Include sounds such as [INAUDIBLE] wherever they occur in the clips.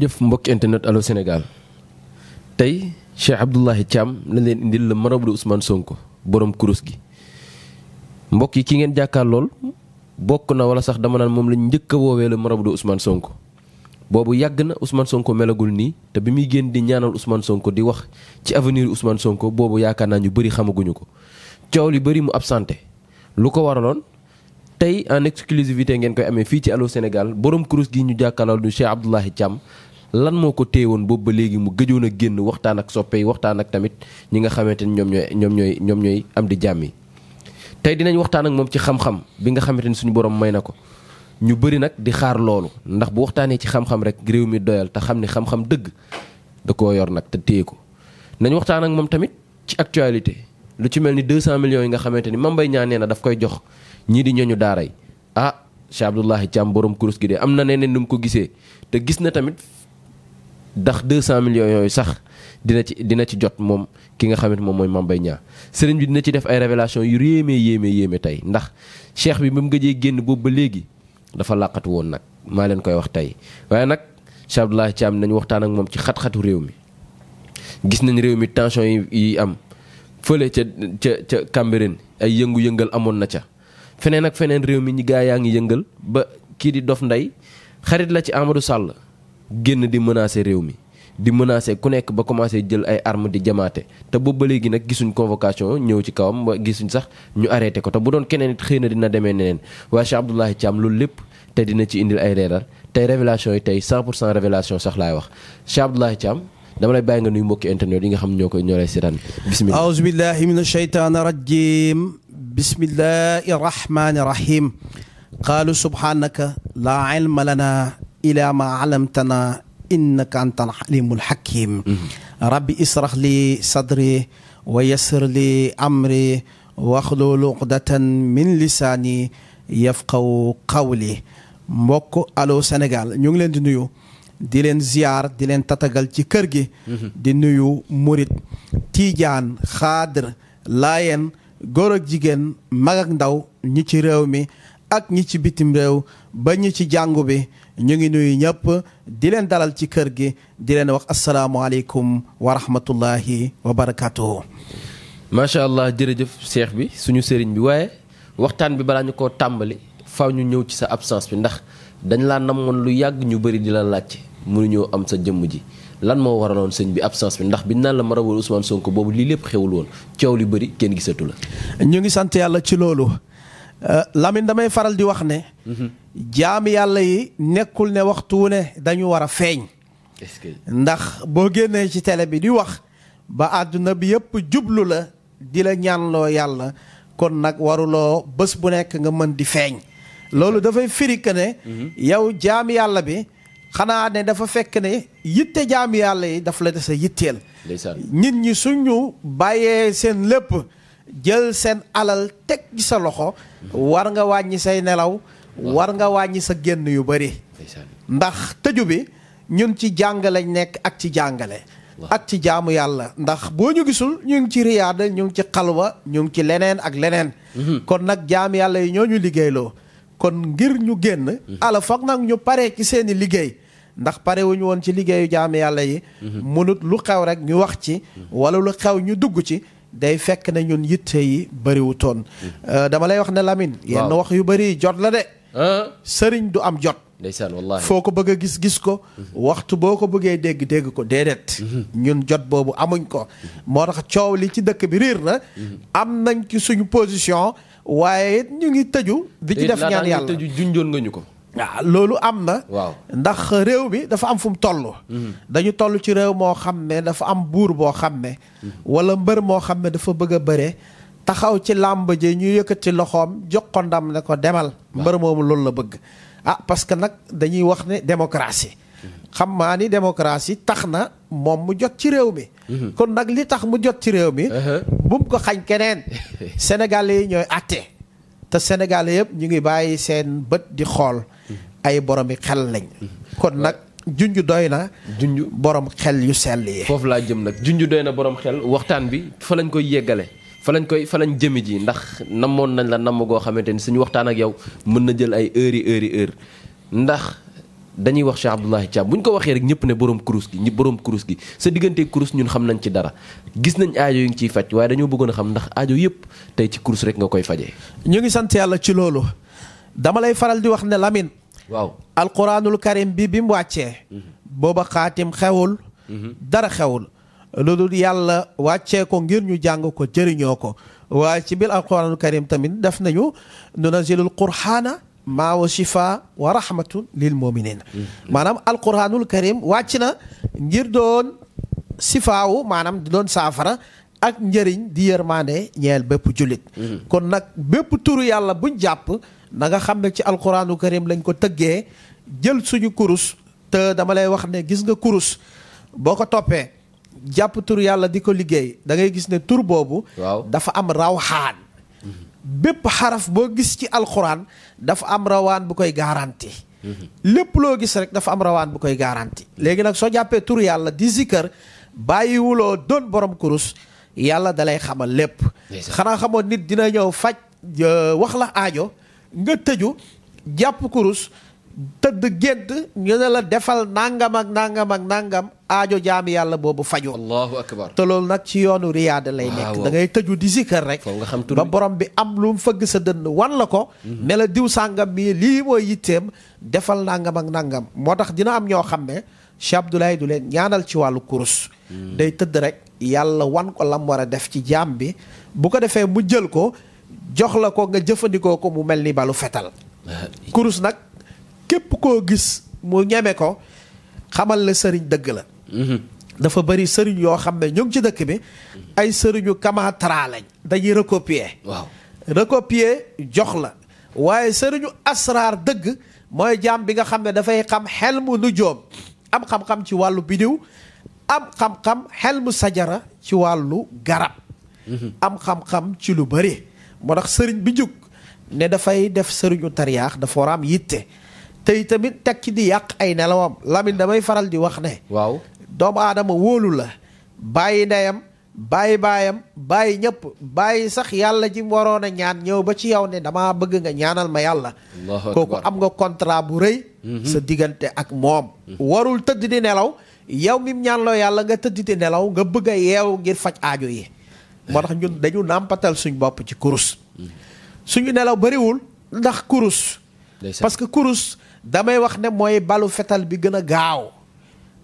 jëf mbokki internet allo Sénégal tey Cheikh Abdoulaye Thiam la leen indil la marabu Ousmane Sonko borom kurus gi mbokk yi ki ngeen jàkkaar lool bokk na wala sax dama naan moom lañ njëkk a woowee la marabu Ousmane Sonko. boobu yàgg na Ousmane Sonko melagul nii te bi muy génn di ñaanal Ousmane Sonko di wax ci avenir Ousmane Sonko boobu yaakaar naa ñu bari xamaguñu ko coow li bëri mu absenté lu ko waraloon. tey en exclusivité ngeen koy amee fii ci Allô Sénégal borom kurus gi ñu jàkkaarloo du Cheikh Abdoulaye Thiam lan moo ko téewoon boobu ba léegi mu gëjoon a génn waxtaan ak soppe yi waxtaan ak tamit ñi nga xamante ni ñoom ñooy ñoom ñooy ñoom ñooy am di jàmm yi tey dinañ waxtaan ak moom ci xam-xam bi nga xamante ni suñu borom may na ko ñu bëri nag di xaar loolu ndax bu waxtaanee ci xam-xam rek réew mi doyal te xam ne xam-xam dëgg da koo yor nag te téye ko nañ waxtaan ak moom tamit ci actualité lu ci mel ni 200 millions yi nga xamante ni Mame Mbaye Niang nee na daf koy jox ñii di ñooñu daara yi ah Cheikh Abdoulahi Thiam borom kurus gi de am na neneen nu mu ko gisee te gis na tamit ndax 200 millions yooyu sax dina ci dina ci jot moom ki nga xamante moom mooy Mame Mbaye Niang sëriñ bi dina ci def ay révélation yu yéeme yéeme yéeme tey ndax cheikh bi ba mu gëjee génn boobu ba léegi dafa làqatu woon nag maa leen koy wax tey waaye nag Cheikh ci am nañu waxtaan ak moom ci xat-xatu réew mi gis nañ réew mi tension yi yi am fële ca ca ca Cambérène ay yëngu-yëngal amoon na ca feneen ak feneen réew mi ñi gaa yaa ngi yëngal ba kii di Dof Ndey xarit la ci Amadou Sall génn di menacer réew mi di menacer ku nekk ba commencé jël ay armes di jamaate te boobu ba léegi nag gisuñ convocation ñëw ci kawam ba gisuñ sax ñu arrêté ko te bu doon keneen it xëy na dina demee neneen waaye Cheikh Abdoulaye Thiam loolu lépp te dina ci indil ay leeral tey révélation yi tey 100 pour cent sax laay wax Cheikh Abdoulaye Thiam dama lay bàyyi nga nuyu mbokki internet yi nga xam ñoo koy ñoo lay seetaan bismillah aouzu billahi min asheytaan rajim bismillahi rahmani rahim qaalu subhanaka laa ilma lana ila ma alamtana innaka antal alimul hakim rabbi israh li sadri wa yassir li amri waxlul uqdatan min lisaani yafqaw qawli mbokk Allô Sénégal ñu ngi leen di nuyu di leen ziyaar di leen tatagal ci kër gi di nuyu murit tiijaan xaadir laayeen góor ak jigéen mag ak ndaw ñi ci réew mi ak ñi ci bitim réew ba ñi ci jàngu bi ñu ngi nuyu ñëpp di leen dalal ci kër gi di leen wax asalaamualeykum wa rahmatullahi wa barakaatu. macha allah jërëjëf cheikh bi suñu sëriñ bi waaye waxtaan bi balaa ñu koo tàmbali faaw ñu ñëw ci sa absence bi ndax dañ laa namoon lu yàgg ñu bari di la laajte mënuñoo am sa jëmm ji. lan moo waraloon sëñ bi absence bi ndax bi naan la marawul Ousmane Sonko boobu lii lépp xewul woon coow li bëri kenn gisatu la. ñu ngi sant yàlla ci loolu. Euh, Lamine damay faral di wax ne. Mhm. jaam yàlla yi nekkul ne waxtu ne dañu war a feeñ. ndax boo génnee ci télé bi di wax ba àdduna bi yëpp jublu la di la ñaanloo yàlla kon nag waruloo bés bu nekk nga mën di feeñ. loolu dafay firi ne. Mhm. yow jaam yàlla bi. xanaa ne dafa fekk ne yitte jaam yàlla yi daf la des a yitteel. nit ñi suñu bàyyee seen lépp jël seen alal teg ci sa loxo. war nga wàññi say nelaw war nga wàññi sa génn yu bëri ndax tëju bi ñun ci jàng lañ nekk ak ci jàngale ak ci jaamu yàlla ndax boo ñu gisul ñu ngi ci riyaada ñu ngi ci xalwa ñu ci leneen ak leneen mhm. kon nag jaamu yàlla yi ñoo ñu liggéeyloo kon ngir ñu génn mhm. ala foog nag ñu pare ci seeni liggéey ndax pare woon ci liggéeyu jaamu yàlla yi mhm. mënut lu xew rek ñu wax ci wala lu xew ñu dugg ci day fekk ne ñun yitte yi bëriwutoon euh, dama lay wax ne Lamine yenn wax yu bëri jot la de ah. sëriñ du am jot ndeysaan wallaahi foo ko bëgg a gis gis ko mhm. waxtu boo ko bëggee dégg dégg ko déedéet mhm. ñun jot boobu amuñ ko mhm. moo tax coow li ci dëkk bi riir na am nañ ci suñu position waaye ñu ngi tëju di ci def ñaan yàlla tëju junjoon nga ñu ko Ah, loolu am na. waaw ndax réew mi dafa am fu mu toll. Mhm. dañu toll ci réew moo xam ne dafa am buur boo xam ne. Mhm. wala mbër moo xam ne dafa bëgg a bëre. taxaw ci làmb ji ñu yëkkat ci loxoom jox ko ndam ne ko demal. mbër moomu loolu la bëgg. ah parce que nag dañuy wax ne démocratie. Mhm. xam maa ni démocratie tax na moom mu jot ci réew mi. kon nag li tax mu jot ci réew mi. Uh-huh. bu mu ko xañ keneen. [LAUGHS] Sénégalais yi ñooy àtte. te Sénégalais yëpp ñu ngi bàyyi seen bët di xool. ay boromi xel lañ. kon nag junj doy na. junj boroom xel yu sell yi. foofu laa jëm nag junj doy na boroom xel waxtaan bi fa lañ koy yeggale. fa lañ koy fa lañ jëmi ji ndax namoon nañ la namm goo xamante ni suñu waxtaan ak yow mën na jël ay heures yi heures yi ndax dañuy wax Cheikh Abdoulaye Thiam bu ñu ko waxee rek ñëpp ne borom kurus gi ñi borom kurus gi sa diggante kurus ñun xam nañ ci dara gis nañ aajo yu ngi ciy faj waaye dañoo bëggoon a xam ndax aajo yëpp tey ci kurus rek nga koy fajee. ñu sant yàlla ci loolu waaw alquranul karim bi bi mu wàccee booba xaatim xewul dara xewul lu dul yàlla wàccee ko ngir ñu jàng ko jëriñoo ko waaye ci biir alquranul karim tamit def nañu nunazilul qur'ana maa wa shifa wa rahmatun lil muminin maanaam alquranul karim wàcc na ngir doon sifaawu maanaam di doon saafara ak njëriñ di yërmande ñeel bépp jullit mm-hmm. kon nag bépp turu yàlla buñ jàpp na nga xam ne ci alxuraanu karim lañ ko tëggee jël suñu kurus te dama lay wax ne gis nga kurus boo ko toppee jàpp tur yàlla di ko liggéey da ngay gis ne tur boobu waaw dafa am rawxaan bépp xaraf boo gis ci alxuraan dafa am rawaan bu koy garanti lépp loo gis rek dafa am rawaan bu koy garanti léegi nag soo jàppee tur yàlla di zikkër bàyyiwuloo doon borom kurus yàlla dalay xamal lépp xanaa xamoon nit dina ñëw faj euh, wax la aajo nga tëju jàpp kurus tëdd gédd ñu ne la defal nangam ak nangam ak nangam aajo jaami yàlla boobu fajoo. allahu akbar nag ci yoonu riyaada lay nekk. da ngay tëju di sikkar rek. nga xam ba borom bi am lu mu fëgg sa dënn wan la ko. Mhm. ne la diw sàngam mii lii mooy yitteem defal nangam ak nangam moo tax dina am ñoo xam ne Cheikh Abdoulaye du leen ñaanal ci wàllu kurus. Mhm. day tëdd rek yàlla wan ko lam war a def ci jaam bi bu ko defee mu jël ko. jox la ko nga jëfandikoo ko mu mel ni balu fetal kurus nag képp koo gis mu ñeme ko xamal la sëriñ dëgg la mhm. dafa bari sëriñ yoo xam ne ñu ci dëkk bi ay sëriñu kamatra lañ dañuy recopier waaw recopier jox la waaye sëriñu asraar dëgg mooy jaam bi nga xam ne dafay xam xel mu nujoom am xam-xam ci wàllu bidiw am xam-xam xel mu sajara ci wàllu garab mhm. am xam-xam ci lu bari moo tax sëriñ bi jóg ne dafay def sëriñu tariyaax dafa war yitte tey tamit teg ci di yàq ay nelawam lamin damay faral di wax ne. waaw doomu aadama wóolu la bàyyi ndeyam bàyyi baayam bàyyi ñëpp bàyyi sax yàlla ji waroon a ñaan ñëw ba ci yow ne damaa bëgg nga ñaanal ma yàlla. kooku am nga contrat bu rëy. Mhm. sa diggante ak moom. Mhm. warul tëdd di nelaw yow mim ñaanloo yàlla nga tëdd di nelaw nga bëgg yeew ngir faj aajo yi. moo tax ñun dañu nàmpatal suñ bopp ci kurus. suñu nelaw bariwul ndax kurus. parce que kurus damay wax ne mooy balu fetal bi gën a gaaw.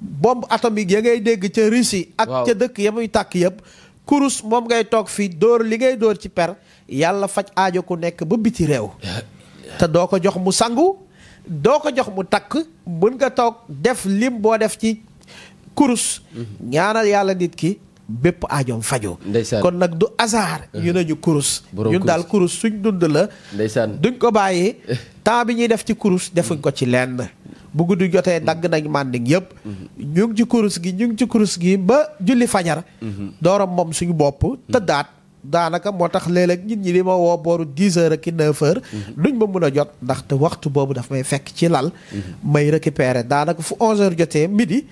bombe atomique ya ngay dégg ca Russie. ak ca dëkk ya muy tàkk yëpp. kurus moom ngay toog fii dóor li ngay dóor ci per yàlla faj aajo ku nekk ba biti réew. [LAUGHS] te doo ko jox mu sangu. doo ko jox mu takk mën nga toog def lim boo def ci kurus. Mhm. ñaanal yàlla nit ki bépp aajoom fajoo kon nag du hasard uh-huh. ñu ne ñu kurus ñun daal kurus suñ dund la ndeysaan duñ ko bàyyi [LAUGHS] temps bi ñuy def ci kurus defuñ ko ci lenn bu guddi jotee dagg nañ mànding yëpp uh-huh. ñu ngi ci kurus gi ñu ngi ci kurus gi ba julli fajar uh-huh. doora moom suñu bopp tëddaat daanaka moo tax léeg-léeg nit ñi di ma woo booru 10 heures ak 9 heures. Mhm. duñ ma mun a jot ndaxte waxtu boobu dafa may fekk ci lal. Mhm. may récupérer daanaka fu 11 heures jotee midi.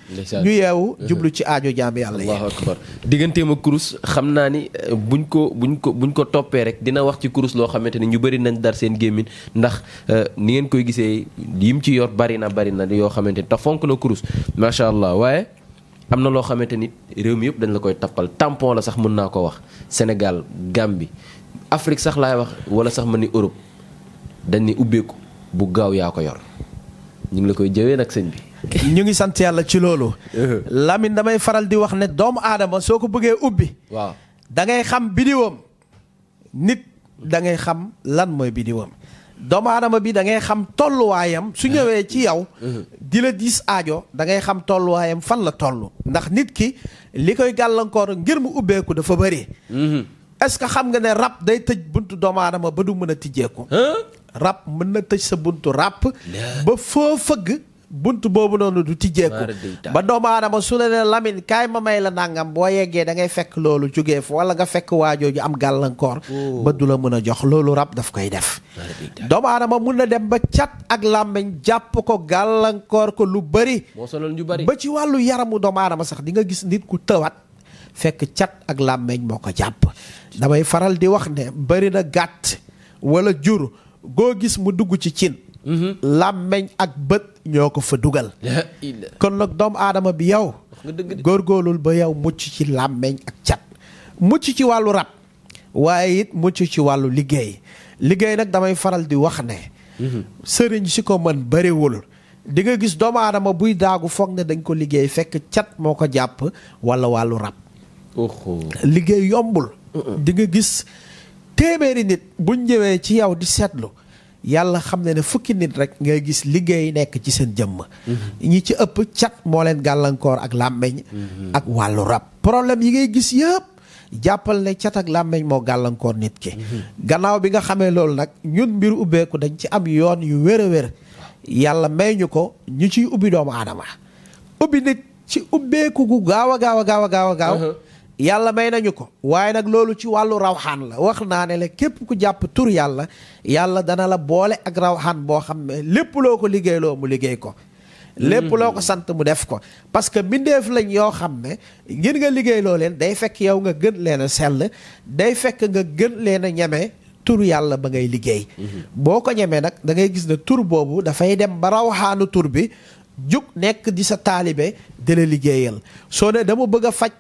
ñu yeewu mhm. jublu ci aajo jaam yàlla yi. allahu kurus xam naa ni euh, buñ ko buñ ko buñ ko toppee rek dina wax ci kurus loo xamante ni ñu bëri nañ dar seen gémmiñ ndax euh, ni ngeen koy gisee yim ci yor bari na bari na yoo xamante ni te fonk na kurus macha allah waaye. am na loo xamante ni réew mi yëpp dañ la koy tappal tampon la sax mën naa ko wax Sénégal Gambie Afrique sax laay wax wala sax ma ni Europe dañ ni ubbeeku bu gaaw yaa ko yor ñu ngi la koy jëwee nag sëñ bi. ñu ngi sant yàlla ci loolu. Lamine damay faral di wax ne doomu aadama soo ko bëggee ubbi. waaw da ngay xam bidiwam nit da ngay xam lan mooy bidiwam. doomu aadama bi da ngay xam tolluwaayam su ñëwee ci yow. di la diis aajo da ngay xam tolluwaayam fan la toll. ndax nit ki li koy gàllankoor ngir mu ubbeeku dafa bëri. est-ce que xam nga ne rab day tëj buntu doomu aadama ba du mën a tijjeeku. rab mën na tëj sa buntu rab. ba foo fëgg. bunt boobu noonu du tijjeeku ba doomu aadama su la ne Lamine kaay ma may la nàngam boo yeggee dangay fekk loolu jóge fa wala nga fekk waajooju am gàllankoor oh. ba du la mën a jox loolu rab dafa koy def doomu aadama mun na dem ba cat ak làmmiñ jàpp ko gàllankoor ko lu bari ba ci wàllu yaramu doomu aadama sax di nga gis nit ku tëwat fekk cat ak làmmeñ moo ko jàpp damay faral di wax ne bari na gàtt wala jur goo gis mu dugg ci cin làmmeñ ak bët ñoo ko fa dugal kon nag doomu aadama bi yow góorgóorlul ba yow mucc ci làmmeñ ak cat mucc ci wàllu rab waaye it mucc ci wàllu liggéey liggéey nag damay faral di wax ne mhm. sëriñ si ko mën bariwul dinga gis doomu aadama buy daagu foog ne dañ ko liggéey fekk cat moo ko jàpp walla wàllu rab liggéey yombul dinga gis téeméeri nit buñ ñëwee ci yow di seetlu yàlla xam ne ne fukki nit rek ngay gis liggéey nekk ci seen jëmm ñi ci ëpp cat moo leen gàllankoor ak làmmeñ ak wàllu rab problème yi ngay gis yëpp jàppal ne cat ak làmmeñ moo gàllankoor nit ki gannaaw bi nga xamee loolu nag ñun mbiru ubbeeku dañ ci am yoon yu wér a wér yàlla may ñu ko ñu ciy ubbi doomu aadama ubbi nit ci ubbeeku gu gaaw a gaaw a gaaw gaaw a gaaw uh-huh. yàlla may nañu ko waaye nag loolu ci wàllu rawxaan la wax naa ne la képp ku jàpp tur yàlla yàlla dana la boole ak rawxaan boo xam ne lépp loo ko liggéeyloo mu liggéey ko lépp loo ko sant mu def ko parce que mbindeef lañ yoo xam ne ngir nga liggéeyloo leen day fekk yow nga gën leen a sell day fekk nga gën leen a ñeme tur yàlla ba ngay liggéey boo ko ñemee nag da ngay gis ne tur boobu dafay dem ba rawxaanu tur bi jug nekk di sa taalibe di la liggéeyal a faj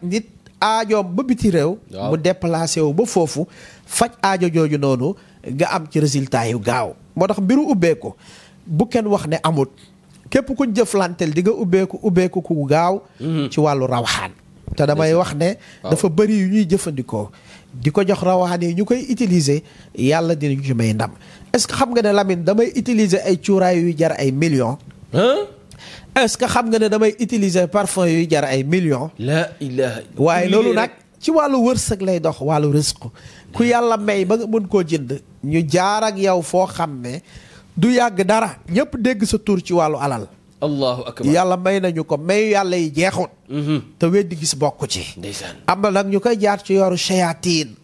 aajoom ba biti réew. mu déplacé wu ba foofu faj aajo jooju noonu nga am ci résultat yu gaaw moo tax mbiru ubbeeku bu kenn wax ne amut képp kuñ jëflanteel di nga ubbeeku ubbeeku ku gaaw. Mhm. ci wàllu rawaxaan. te damay wax ne. dafa bëri yu ñuy jëfandikoo. di ko jox rawaxaan yi ñu koy utiliser yàlla dinañu ci may ndam est-ce que xam nga ne lamin damay utiliser ay cuuraay yuy jar ay millions. est-ce xam nga ne damay utiliser parfum yuy jar ay millions. la waaye loolu nag ci wàllu wërsëg lay dox wàllu risque ku yàlla may ba mën koo jënd ñu jaar ak yow foo xam ne du yàgg dara ñëpp dégg sa tur ci wàllu alal. allahu yàlla may nañu ko may yàlla yi jeexut. Mm-hmm. te weddi gis bokk ci. am na nag ñu koy jaar ci yoru shayatin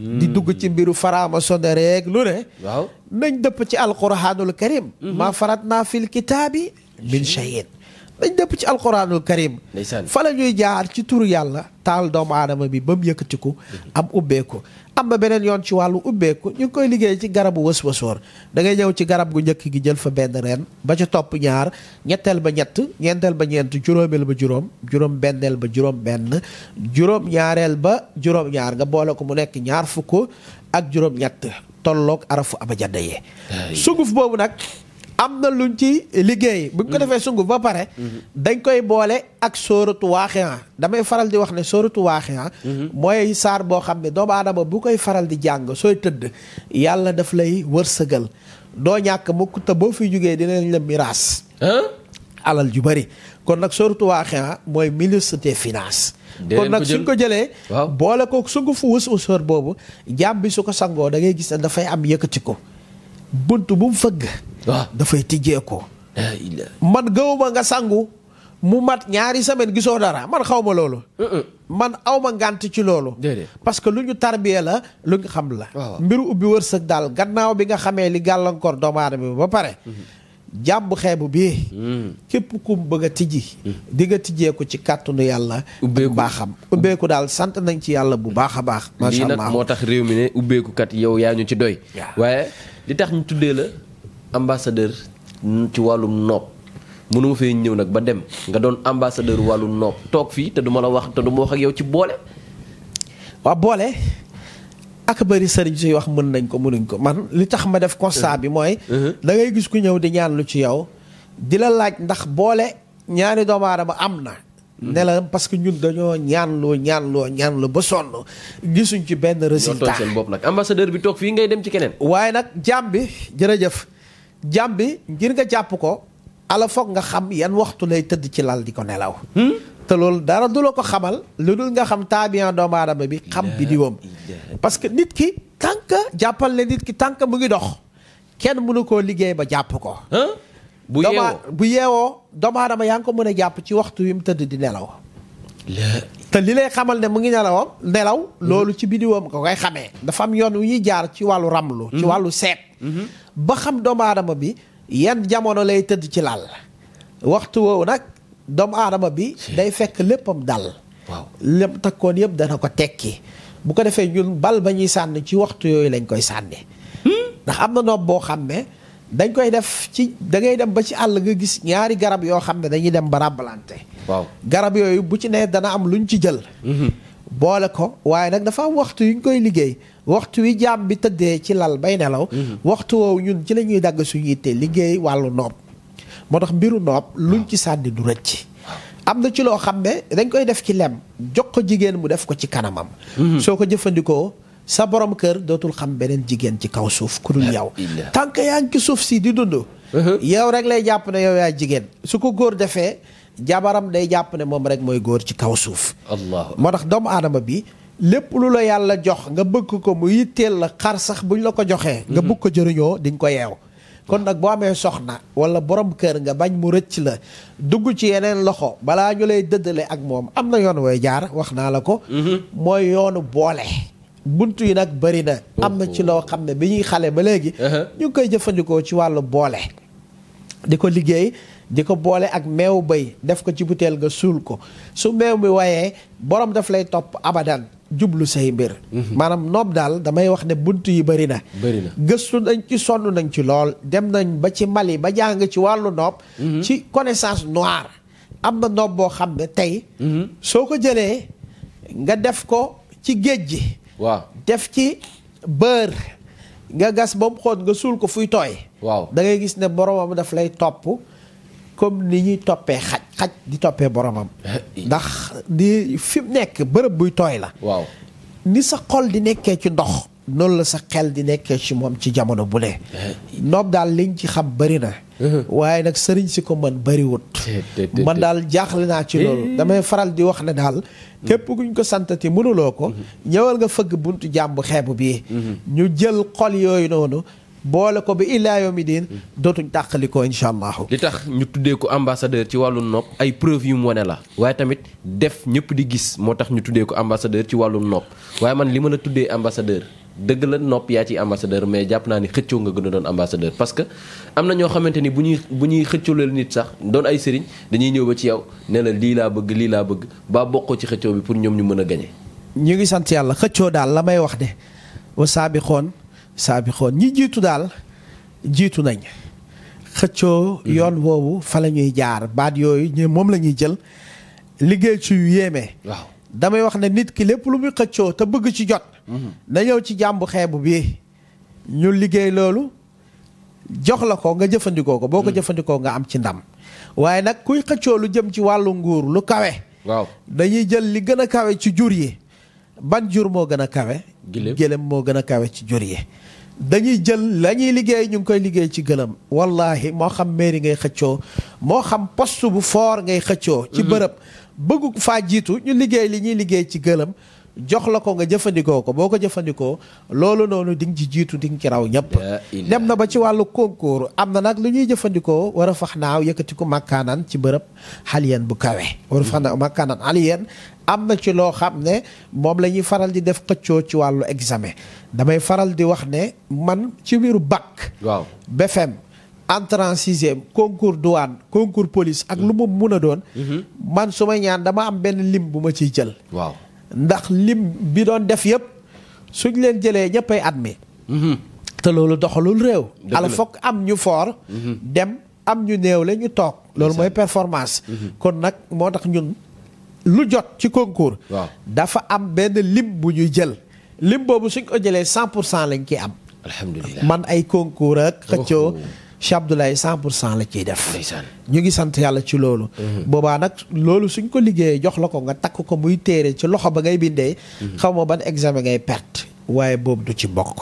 di mm. dugg ci mbiru faramaçonnerie rek lu ne. waaw dëpp ci alquranul karim. Mm-hmm. ma farat naa fil kitaabi. min shay'in dañ dëpp ci alquranul karim fa la ñuy jaar ci turu yàlla taal doomu aadama bi ba yëkkatiku am ubbeeku am ba beneen yoon ci wàllu ubbeeku ñu koy liggéey ci garabu wës wësoor da ngay ñëw ci garab gu njëkk gi jël fa benn reen ba ca topp ñaar ñetteel ba ñett ñeenteel ba ñeent juróomeel ba juróom juróom benneel ba juróom benn juróom ñaareel ba juróom ñaar nga boole ko mu nekk ñaar fukk ak juróom ñett tolloog arafu abajada yee sunguf boobu am na luñ ci liggéey. bu ñu ko mm-hmm. defee sunguf ba pare. Mm-hmm. dañ koy boole ak sóoratu waaxia damay faral di wax ne sóoratu waaxia mm-hmm. mooy saar boo xam ne doomu aadama bu koy faral di jàng sooy tëdd yàlla daf lay wërsëgal doo ñàkk mukk te boo fi jógee dinañ la miraas. alal yu bari kon nag sóoratu waaxia mooy ministre des finance kon nag suñ ko jëlee boole ko sungufu wës usóor boobu jàmm bi su ko sangoo da ngay gis ne dafay am yëkkati ko. bunt bu mu fëgg. waaw ah. dafay tijjee ko. man gëwuma nga sangu mu mat ñaari semaine gisoo dara man xaw ma loolu. Uh, uh. man aw ma ngànt ci loolu. parce que lu ñu tarbiyee la lu ñu xam la. Ah, mbiru ubbi wërsëg daal gannaaw bi nga xamee li gàllankoor doomu bi ba pare. Mm-hmm. jàmb xeebu bii. Mm. képp ku mu bëgg a tijji. Mm. di nga tijjee ko ci kàttanu yàlla. ubbeeku baaxam ubbeeku daal sant nañ ci yàlla bu baax a baax. ma allah moo tax réew mi ne ubbeeku kat yow yaa ñu ci doy. li tax ñu tuddee la ambassadeur ci wàllum nopp mënuma fee ñëw nag ba dem nga doon ambassadeur wàllu nopp toog fii te duma la wax te duma wax ak yow ci boole. waaw boole ak bari sëriñ si wax mën nañ ko mënuñ ko man li tax ma def constat bi mooy. Uh-huh. da ngay gis ku ñëw di ñaan lu ci yow. di la laaj ndax boole ñaari doomu aadama am na. Mm-hmm. ne la parce que ñun dañoo ñaanloo ñaanloo ñaanloo ba sonn gisuñ ci benn résultat seen bopp nag ambassadeur bi toog fii ngay dem ci keneen waaye nag jàmm bi jërëjëf jàmm bi ngir nga jàpp ko ala foog nga xam yan waxtu lay tëdd ci lal di ko nelaw hmm? te loolu dara du la ko xamal lu dul nga xam taabiyaan doomu aadama bi xam bi diwam parce que nit ki tànk jàppal ne nit ki tànk mu ngi dox kenn mënu koo liggéey ba jàpp ko bu yeewoo bu yeewoo doomu adama yaa ngi ko mën a jàpp ci waxtu wi mu tëdd di nelaw. te li lay xamal ne mu ngi nelawam nelaw loolu ci bidiwam ko koy xamee dafa am yoon wu ñuy jaar ci wàllu ramlu ci mhm. wàllu seet mhm. ba xam doomu aadama bi yan jamono lay tëdd ci lal waxtu woowu nag doomu aadama bi day fekk léppam dal waaw lépp yëpp dana ko tekki bu ko defee ñun bal ba ñuy sànni ci waxtu yooyu lañ koy sànni hmm? ndax am na noob boo xam dañ koy def ci da ngay dem ba ci àll nga gis ñaari garab yoo xam ne dañuy dem ba ràbbalante garab yooyu bu ci ne dana am luñ ci jël mm-hmm. boole ko waaye nag dafa am waxtu yuñ koy liggéey waxtu wi jaam bi tëddee ci lal bay nelaw mm-hmm. waxtu woowu ñun ci lañuy ñuy dagg suñu yitte liggéey wàllu noob moo tax mbiru noob luñ ci sànni du ci am na ci loo xam ne dañ koy def ci lem jox ko jigéen mu def ko ci kanamam mm-hmm. soo ko jëfandikoo sa borom kër dootul xam beneen jigéen ci kaw suuf ku dul yow tant que yaa ngi ci suuf si di dund uh-huh. yow rek lay jàpp ne yow yaa jigéen su ko góor defee jabaram day jàpp ne moom rek mooy góor ci kaw suuf allah moo tax doomu aadama bi lépp lu la yàlla jox nga bëgg ko mu yitteel la xar sax bu ñu la ko joxee nga uh-huh. bugg ko jëriñoo di ko yeew kon nag boo amee soxna wala borom kër nga bañ mu rëcc la dugg ci yeneen loxo balaa ñu lay dëddale ak moom am na yoon wooy jaar wax naa la ko uh-huh. mooy yoonu boole bunt yi nag bëri na. Oh, am na ci oh. loo xam ne bi ñuy xale ba léegi. Uh-huh. ñu ngi koy jëfandikoo ci wàllu boole. di ko liggéey di ko boole ak meew bay def ko ci butéel nga suul ko su meew mi wayee borom daf lay topp abadan jublu say mbir. Mm-hmm. maanaam noob daal damay wax ne buntu yi bari na. bëri na gëstu nañ ci sonn nañ ci lool dem nañ ba ci Mali ba jàng ci wàllu noob. Mm-hmm. ci connaissance noire am na noob boo xam ne tey. Mm-hmm. soo ko jëlee nga def ko ci géej gi. waaw def ci bër nga gas ba mu nga suul ko fuy tooy. waaw da ngay gis ne boromam daf lay topp comme ni ñuy toppee xaj xaj di toppee boromam. [LAUGHS] ndax di fi mu nekk bërëb buy tooy la. waaw ni sa xol di nekkee ci ndox. noonu la sa xel di nekkee ci moom ci jamono bu ne. Eh. noob daal liñ ci xam bari na. Mm-hmm. waaye nag sëriñ si ko man bariwut man daal jaaxle naa ci loolu eh. damay faral di wax ne daal mm-hmm. képp kuñ ko santati mënuloo ko mm-hmm. ñëwal nga fëgg buntu jàmb xeebu bii ñu jël xol yooyu noonu boole ko ba illaa yawmi diin dootuñ tàqalikoo incha allahu li tax ñu tuddee ko ambassadeur ci wàllu nopp ay preuve yu mu wane la waaye tamit def ñëpp di gis moo tax ñu tuddee ko ambassadeur ci wàllu nopp waaye man li mën a tuddee ambassadeur dëgg la nopp yaa ci ambassadeur mais jàpp naa ni xëccoo nga gën a doon ambassadeur parce que am na ñoo xamante ni bu ñuy bu ñuy xëccooleel nit sax doon ay sëriñ dañuy ñëw ba ci yow ne la lii laa bëgg lii laa bëgg baa bokkoo ci xëccoo bi pour ñoom ñu mën a gañe ñu ngi sant yàlla xëccoo daal la may wax de wa saabixoon saabixoon ñi jiitu daal jiitu nañ xëccoo mm-hmm. yoon woowu fa la ñuy jaar baat yooyu moom la ñuy jël liggéey ci yu yéeme waaw damay wax ne nit ki lépp lu muy xëccoo te bëgg ci jot mhm. na ñëw ci jàmbu xeebu bii ñu liggéey loolu jox la ko nga jëfandikoo ko boo ko mhm. jëfandikoo nga am ci ndam waaye nag kuy xëccoo lu jëm ci wàllu nguur lu kawe waaw dañuy jël li gën a kawe ci jur yi ban jur moo gën a kawe gëlëm moo gën a kawe ci jur yi dañuy jël lañuy liggéey ñu ngi koy liggéey ci gëlëm wallahi moo xam mairie ngay xëccoo moo xam poste bu foor ngay xëccoo ci mhm. bërëb bëgg faa jiitu ñu liggéey li ñuy liggéey ci gëlëm jox la ko nga jëfandikoo ko boo ko jëfandikoo loolu noonu di nga ci jiitu di nga ci raw ñëpp dem na ba ci wàllu concours am na nag lu ñuy jëfandikoo war a fax naaw yëkkati ko màkkaanan ci bërëb xaliyen bu kawe war a fax naaw màkkaanan xaliyen am na ci loo xam ne moom la ñuy faral di def xëccoo ci wàllu examen damay faral di wax ne man ci biiru bac waaw entrée en sixième concours douane concours police ak lu mu mun a doon. Mhm. man su ma ñaan dama am benn lim bu ma ciy jël. waaw ndax lim bi doon def yëpp suñ leen jëlee at mi mhm. te loolu doxalul réew. ala fokk am ñu foor. Mhm. dem am ñu néew la ñu toog. loolu mooy performance. kon nag moo tax ñun lu jot ci concours. dafa am benn lim bu ñu jël. lim boobu suñ ko jëlee 100 pour cent lañ ciy am. alhamdulilah man ay concours ak xëccoo. Oh. Cheikh Abdoulaye cent pour cent la ciy def ñu ngi sant yàlla ci loolu mhm. boobaa nag loolu suñ ko liggéeyee jox la ko nga takk ko muy téere ci loxo ba ngay bindee mhm. xaw ma ban examen ngay perte waaye boobu du ci mbokk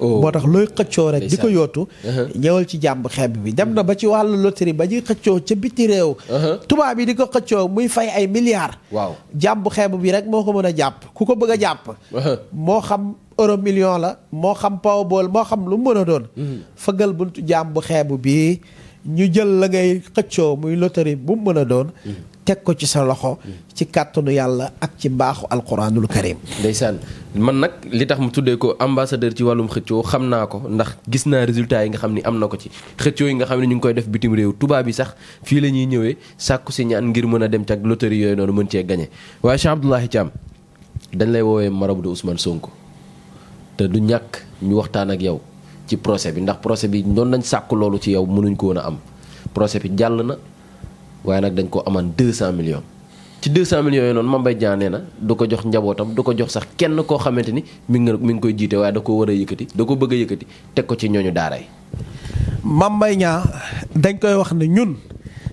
oh. moo tax looy xëccoo rek di ko yootu uh-huh. ñëwal ci jàmb xeeb bi dem na ba ci wàllu loterie ba ñuy xëccoo ca bitti réew uh-huh. tubaab yi di ko xëccoo muy fay ay milliards waaw jàmb xeeb bi rek moo ko mën a jàpp ku ko bëgg a jàpp uh-huh. moo xam euro million la moo xam powerball moo xam lu mën a doon mm-hmm. fëggal buntu jaam bu xeebu bii ñu jël la ngay xëccoo muy loterie bu mën a doon mm-hmm. teg ko ci sa loxo mm-hmm. ci kàttanu yàlla ak ci mbaaxu alquranul karim ndeysaan man nag li tax mu tuddee ko ambassadeur ci wàllum xëccoo xam naa ko ndax gis naa résultat yi nga xam ni am na ko ci xëccoo yi nga xam ne ñu ngi koy def bitim réew tubaab yi sax fii la ñuy ñëwee sàkku si ñaan ngir mën a dem ca loterie yooyu noonu mën cee gañe waaye Cheikh Abdoulaye Thiam dañ lay woowee marabu de Ousmane Sonko te du ñàkk ñu waxtaan ak yow ci procès bi ndax procès bi doon nañu sàkk loolu ci yow mënuñ ko woon a am procès bi jàll na waaye nag dañ ko amaan 200 millions ci 200 millions yi noonu Mame Mbaye Niang nee na du ko jox njabootam du ko jox sax kenn koo xamante ni mi ngi mi ngi koy jiite waaye da ko war a yëkkati da ko bëgg a yëkkati teg ko ci ñooñu daara yi. Mame Mbaye dañ koy wax ne ñun.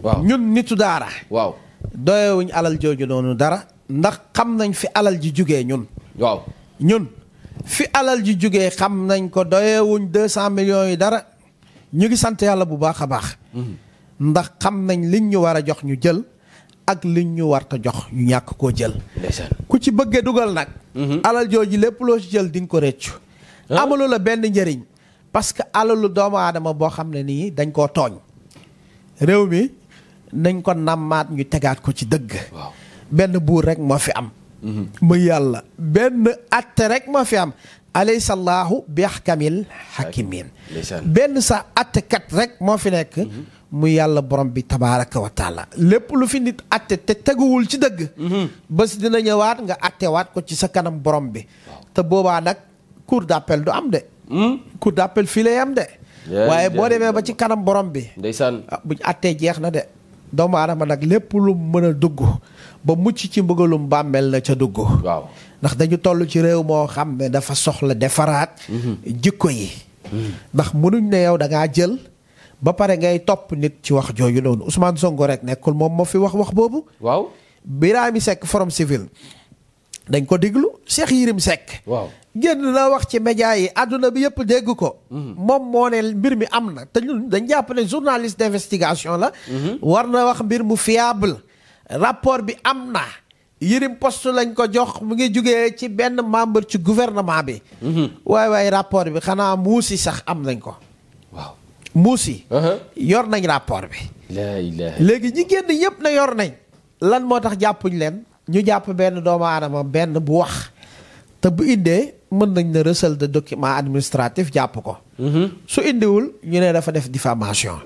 waaw ñun nitu daara. waaw doyewuñ alal jooju noonu dara. ndax xam nañ fi alal ji jógee ñun. waaw ñun. fi alal ji jógee xam nañ ko doyewuñ deux cent millions yi dara ñu ngi sant yàlla bu baax a baax ndax xam nañ liñ ñu war a jox ñu jël ak liñ ñu war jox ñu ñàkk koo jël ku ci bëggee dugal nag mhm. alal jooju lépp loo ci jël di ko réccu ah. amalu la benn njëriñ parce que alalu doomu aadama boo xam ne nii dañ koo tooñ réew mi nañ ko nammaat ñu tegaat ko ci dëgg benn buur rek moo fi am ma yàlla benn atte rek moo fi am alaysa allahu bi ahkamil hakimin benn sa attekat rek moo fi nekk mu yàlla borom bi tabaraka wa taala lépp lu fi nit atte te teguwul ci dëgg bés dina ñëwaat nga attewaat ko ci sa kanam borom bi te boobaa nag cour d'appel du am de hmm? cour d'appel fii lay am de waaye boo demee ba ci kanam borom bi ndeysaan ah, buñ attee jeex na de doomu aadama nag lépp lu mën a dugg ba mucc ci mbëggalum mbàmmeel na ca dugg waaw ndax dañu toll ci réew moo xam ne dafa soxla defaraat mhm. jikko yi mhm. ndax mënuñ ne yow da jël ba pare ngay topp nit ci wax jooju noonu Ousmane Sonko rek nekkul moom moo fi wax wax boobu waaw Birahim Seck Forum Civil dañ ko diglu Cheikh Yérim sekk waaw génn na wax ci média yi àdduna bi yëpp dégg ko mhm. moom moo ne mbir mi am na te ñun dañ jàpp ne journaliste d'investigation la war na wax mbir mu fiable rapport bi am na Yérim poste lañ ko jox mu ngi jugee ci benn membre ci gouvernement bi mhm. waay waaye rapport bi xanaa muusi sax am nañ ko waaw muusi uh-huh. yor nañ rapport bi léegi ñi génn yëpp na yor nañ lan moo tax jàppuñ leen ñu jàpp benn doomu aadama benn bu wax te bu indee mën nañ na recel de document administratif jàpp ko mhm. su indiwul ñu ne dafa def diffamation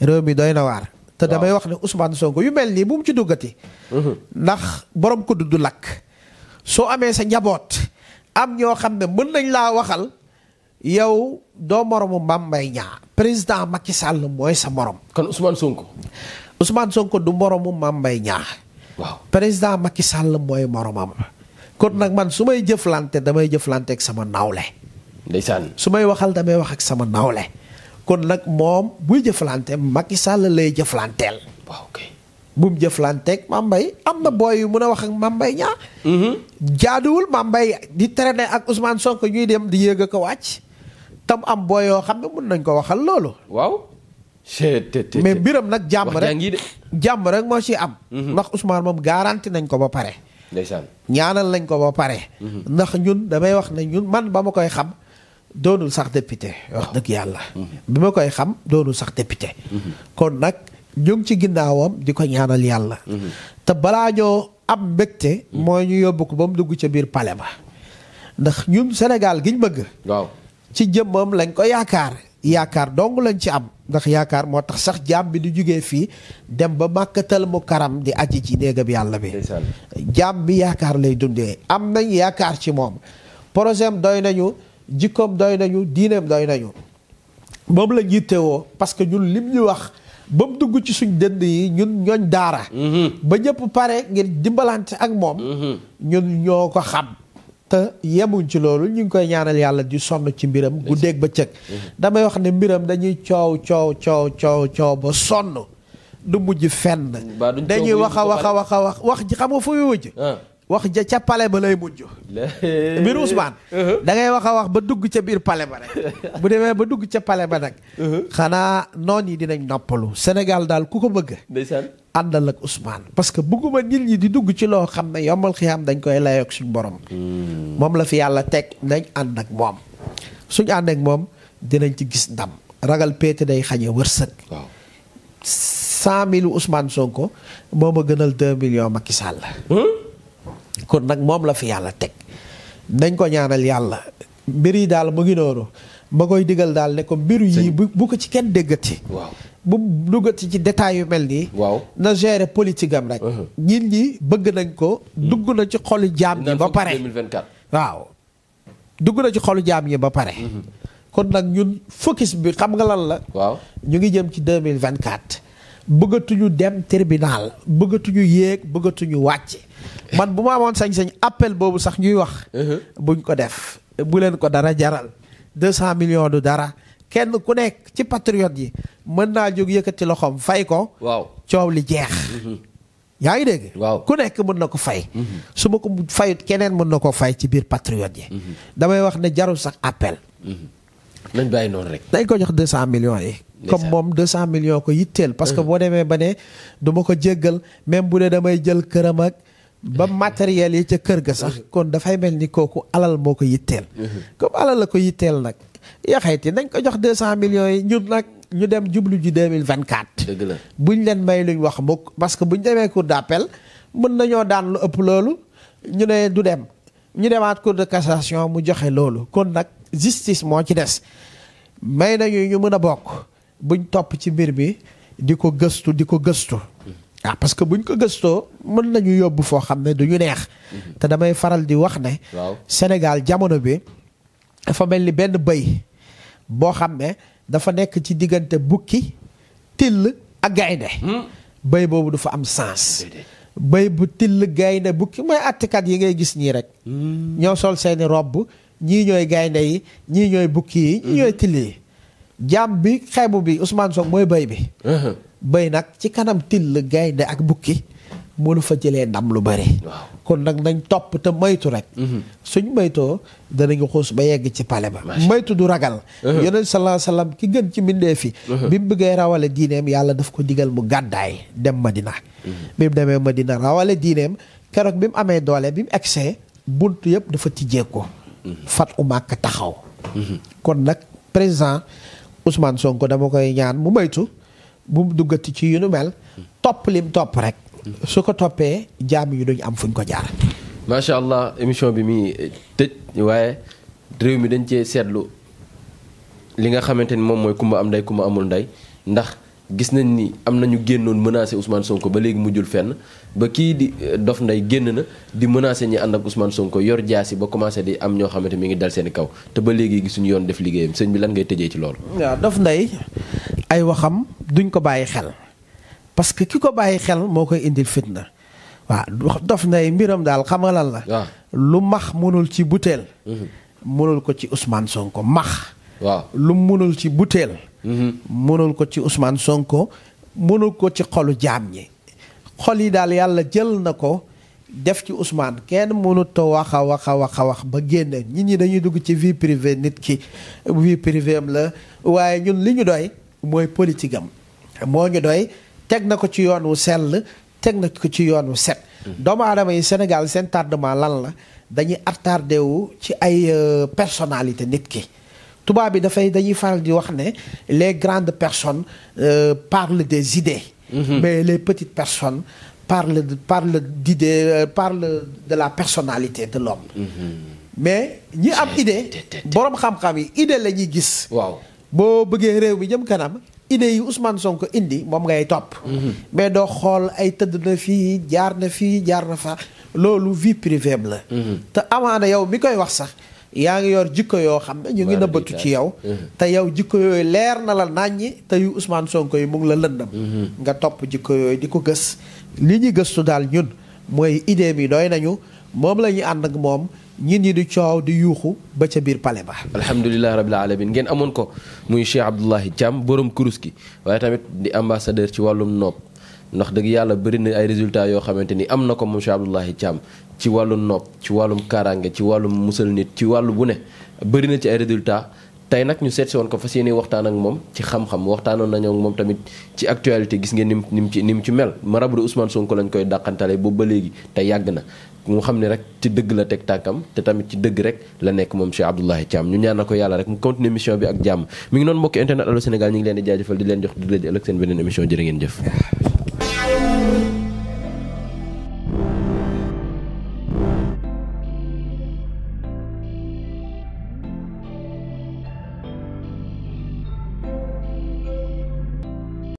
réew mi doy na waar te damay wax ne Ousmane Sonko yu mel nii bu mu ci duggati. ndax borom ko du lakk. soo amee sa njaboot am ñoo xam ne mën nañ laa waxal yow doo moromu Mame Mbaye Niang président Macky Sall mooy sa morom. kon Ousmane Sonko. Ousmane Sonko du moromu Mame Mbaye Niang. waaw président Macky Sall mooy moromam. kon nag man su may jëflante damay jëflante ak sama nawle. ndeysaan su may waxal damay wax ak sama nawle. kon nag moom buy jëflante Macky Sall lay jëflanteel. bu mu jëflanteeg Mame Mbaye am na booy yu mun a wax ak Mame Mbaye ñaa mm-hmm. jaaduwul Mame Mbaye di traîner ak soo ko ñuy dem di yéeg a ko wàcc. tam am booy yoo xam ne mun nañ ko waxal loolu. waaw. mais mbiram nag jàmm rek jàmm rek moo si am. Mm-hmm. ndax Ousmane moom garanti nañ ko ba pare. ndeysaan ñaanal nañ ko ba pare. Mm-hmm. ndax ñun damay wax ne ñun man ba ma koy xam. doonul sax député wax dëgg yàlla bi ma koy xam doonul sax député kon nag ñu ci ginnaawam di ko ñaanal yàlla te balaa ñoo am mbégte moo ñu yóbbu ko ba mu dugg ca biir pale ba ndax ñun Sénégal giñ bëgg ci jëmmam lañ ko yaakaar yaakaar dong lañ ci am ndax yaakaar moo tax sax jaam bi di jugee fii dem ba màkkatal mu karam di aji ci néegam yàlla bi jaam bi yaakaar lay dundee am nañ yaakaar ci moom projet doy nañu jikkoom doy nañu diineem doy nañu moom la jiitewoo parce que ñun lim ñu wax ba dugg ci suñ dënd yi ñun ñooñ daara mm-hmm. ba ñëpp pare ngir dimbalante ak moom mm-hmm. ñun ñoo ko xam te yemuñ ci loolu ñu ngi koy ñaanal yàlla di sonn ci mbiram ba bëccëg mm-hmm. damay wax ne mbiram dañuy coow coow coow coow coow ba sonn du mujj fenn dañuy wax a wax wax ji xam fu muy wëj wax ja ca pale ba lay mujj. mbir Ousmane. Uh-huh. da ngay wax a wax ba dugg ca biir pale ba rek [LAUGHS] bu demee ba dugg ca pale ba nag. Uh-huh. xanaa noon yi dinañ noppalu. Sénégal daal ku ko bëgg. ndeysaan àndal ak Ousmane. parce que bëgguma nit ñi di dugg ci loo xam ne yombal xiyaam dañ koy layoog suñ borom. Hmm. moom la fi yàlla teg nañ ànd ak moom. suñu ànd moom dinañ ci gis ndam. ragal péete day xañe wërsëg. waaw cent mille Ousmane Sonko moo ma gënal deux million Macky Sall la kon nag moom la fi yàlla teg dañ ko ñaanal yàlla mbir yi daal mu ngi noonu ma koy digal daal ne ko mbir yi bu ko ci kenn déggati waaw bu duggati ci détails yu mel nii waaw na gérer politique am rek uh-huh. nit ñi bëgg nañ ko hmm. dugg na ci xolu jaam ñi ba pare 2024 waaw dugg na ci xolu jaam yi ba pare kon nag ñun focus bi xam nga lan la waaw ñu ngi jëm ci vingt 2024 bëggatuñu dem tribunal bëggatuñu yéeg bëggatuñu wàcc man bu ma amoon sañ-sañ appel boobu sax ñuy wax uh-huh. buñ ko def bu leen ko dara jaral deux cent millions du dara kenn ku nekk ci patriote yi mën naa jóg yëkkati loxoom fay ko waaw coow li jeex uh-huh. yaa ngi dégg waaw ku nekk mën na ko fay uh-huh. su ma ko fayut keneen mën na ko fay ci biir patriote yi damay wax ne jarul sax appel nañ bàyyi noonu rek dañ ko jox deux cent millions yi comme moom 200 millions ko yitteel. parce que mm. boo demee ba ne du ma ko jéggal même bu dee damay jël këram ak. ba mm. matériel yi ca kër ga sax. Mm. kon dafay mel ni kooku alal moo ko yitteel. Mm-hmm. comme alal la ko yitteel nag. yaxeeti nañ ko jox 200 millions yi ñun nag ñu dem jublu ji 2024. dëgg la buñ leen may luñ wax mukk parce que buñ demee cour d'appel mën nañoo daan lu ëpp loolu ñu ne du dem. ñu demaat cour de cassation mu joxe loolu kon nag justice moo ci des may nañu ñu mën a bokk. buñ topp ci mbir bi di ko gëstu di ko gëstu. Mm-hmm. ah parce que buñ ko gëstoo mën nañu yóbbu foo xam ne du neex. Mm-hmm. te damay faral di wax ne. senegal jamono bi dafa mel ni benn bëy boo xam ne dafa nekk ci diggante bukki till ak gaynde hmm? bëy boobu du fa am sens. bëy bu till gaynde bukki mooy attikat yi ngay gis ñii rek. Hmm. ñoo sol seeni robb ñii ñooy gaynde yi ñii ñooy bukki yi ñii hmm. ñooy till yi. jàmm bi xeebu bi Ousmane Sonko mooy béy bi. Uh-huh. béy nag ci kanam till gaynde ak bukki mënu fa jëlee ndam lu bëri. kon nag nañ topp te maytu rek. Uh-huh. suñ maytoo danañ xuus ba yegg ci pale ba. maytu du ragal. Uh-huh. yonent sallallahu alayhi ki gën ci mbindee fi. bi mu bëggee rawale diineem yàlla daf ko digal mu gàddaay dem Madina. bi mu demee Madina rawale diineem keroog bi mu amee doole bi mu egsee bunt yëpp dafa tijjee ko. fat u màkk taxaw. kon nag président. Ousmane Sonko dama koy ñaan mu moytu bu mu duggati ci yu nu mel topp lim topp rek su ko toppee jaam yu duñu am fuñ ko jaar. macha allah émission bi muy tëj waaye réew mi dañ cee seetlu li nga xamante ni moom mooy kumba am ndey kumba amul ndey ndax. gis nañ ni am na ñu génnoon menacé Ousmane Sonko ba léegi mujjul fenn ba kii di euh, Dof ndey génn na di menacé ñi ànd ak Ousmane Sonko yor jaasi ba commencé di am ñoo xamante mi ngi dal seen kaw te ba léegi gisuñu yoon def liggéeyam sëñ bi lan ngay tëjee ci loolu. waaw Dof ay waxam duñ ko bàyyi xel parce que ki ko bàyyi xel moo koy indil fitna waaw Dof Ndeye mbiram daal xam nga lan la. lu max mënul ci butéel. mënul mhm. ko ci Ousmane Sonko max. waaw lu mënul ci butéel. mënul ko ci Ousmane Sonko mënul ko ci xolu jaam ñi xol yi daal yàlla jël na ko def ci Ousmane kenn mënut a wax a wax a ba génne nit ñi dañuy dugg ci vie privée nit ki vie privée am la waaye ñun li ñu doy mooy politique am moo ñu doy teg na ko ci yoon wu sell teg na ko ci yoon wu set doomu aadama yi Sénégal seen tardement lan la dañuy attardé wu ci ay euh, personnalité nit ki tubaab yi dafay dañuy faral di wax ne les grandes personnes euh, parlent des idées. Mm -hmm. mais les petites personnes parlent parlent d'idées euh, parlent de la personnalité te l'homme mhm. mais ñi am idée borom xam-xam yi idée la ñuy gis. waaw boo bëggee réew mi jëm kanam. idée yi Ousmane Sonko indi moom ngay topp. Mhm. mais doo xool ay tëdd na fii jaar na fii jaar na fa loolu vie privée la. Mhm. te amaana yow mi koy wax sax. yaa ngi yor jikko yoo xam ne ñu ngi nëbbatu ci yow mm-hmm. te yow jikko yooyu leer na la nàññi te yu Ousmane Sonko yi mu la lëndam mm-hmm. nga topp jikko yooyu di ko gës li ñu gëstu daal ñun mooy idée bi doy nañu moom la ñu ànd ak moom ñin ñi di coow di yuuxu ba ca biir pale ba alhamdulilahi rabbil alamin ngeen amoon ko muy Cheikh Abdoulaye Thiam borom kurus gi waaye tamit di ambassadeur ci wàllum nopp ndax dëgg yàlla bëri na ay résultat yoo xamante ni am na ko moom Cheikh Abdoulaye Thiam ci wàllum nopp ci wàllum kaaraange ci wàllum musal nit ci wàllu bu ne bëri na ci ay résultat tey nag ñu seet si ko fas yéene waxtaan ak moom ci xam-xam waxtaanoon nañoo ak moom tamit ci actualité gis ngeen ni mu ni mu ci ni mu ci mel marabu Ousmane Sonko lañ koy dàqantale boobu léegi te yàgg na mu xam ne rek ci dëgg la teg tànkam te tamit ci dëgg rek la nekk moom Cheikh a Thiam ñu ñaan na ko yàlla rek mu ngi noonu mbokki internet Allô ngi leen di jaajëfal di leen jox di leen ëllëg